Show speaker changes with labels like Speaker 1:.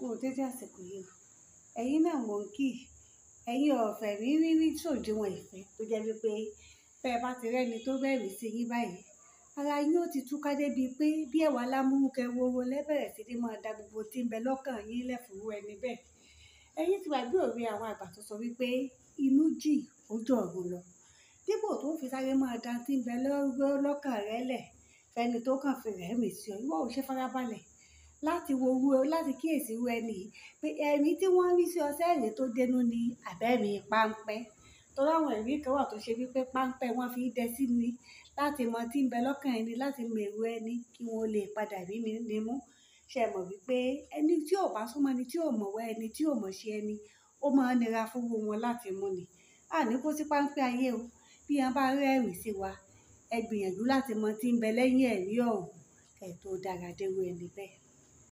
Speaker 1: kú dédé àsìkò yìí o ẹ̀yin náà mò ń kì í ẹ̀yin ọ̀fẹ́ mi rí rí sòdiwọ̀n ìfẹ́ tó jẹ́ wípé bẹ́ẹ̀ bá ti rẹ́ni tó bẹ̀rẹ̀ sí yín báyìí ara yín ó ti túká débi pé bí ẹ̀wà lámúrúkẹ woro lẹ́bẹ̀rẹ̀ sí ni máa da gbogbo tí ń bẹ lọ́kàn yín lẹ́fùrú ẹni bẹ́ẹ̀ ẹ̀yin ti wà bí òwe àwọn àgbà tó sọ wípé inú jì ojú ọ̀run lọ dípò tó fi sáré máa da tí ń bẹ lọ́kàn rẹ lẹ̀ fẹni tó kàn fi rẹ̀ mí sí ọ ìwọ ò láti wo owó láti kíyèsí irú ẹni yìí pé ẹ̀mí tí wọ́n rí sí ọṣẹ ẹ̀yìn tó dénú ni àbẹ́mi páńpẹ́ torí àwọn ẹ̀rí kan wà tó ṣe wípé páńpẹ́ wọ́n fi dẹ sí ni láti mọ tí ń bẹ lọ́kàn ẹni láti mọ èrò ẹni kí wọ́n lè padà rí mi nímú ṣe mọ̀ wípé ẹni tí ò bá súnmọ́ ẹni tí ò mọ̀wẹ́ ẹni tí ò mọ̀ ṣe ẹni ó máa ń nira fún wọn láti mú ni àní kó sí páńpẹ́ ayé o bí wọn bá rẹ́rìn sí wa ẹ gbìyànjú láti mọ tí ń bẹ lẹ́yìn ẹ̀rí ọ̀hún ẹ̀ tó dára dérú ẹni bẹ́ẹ̀.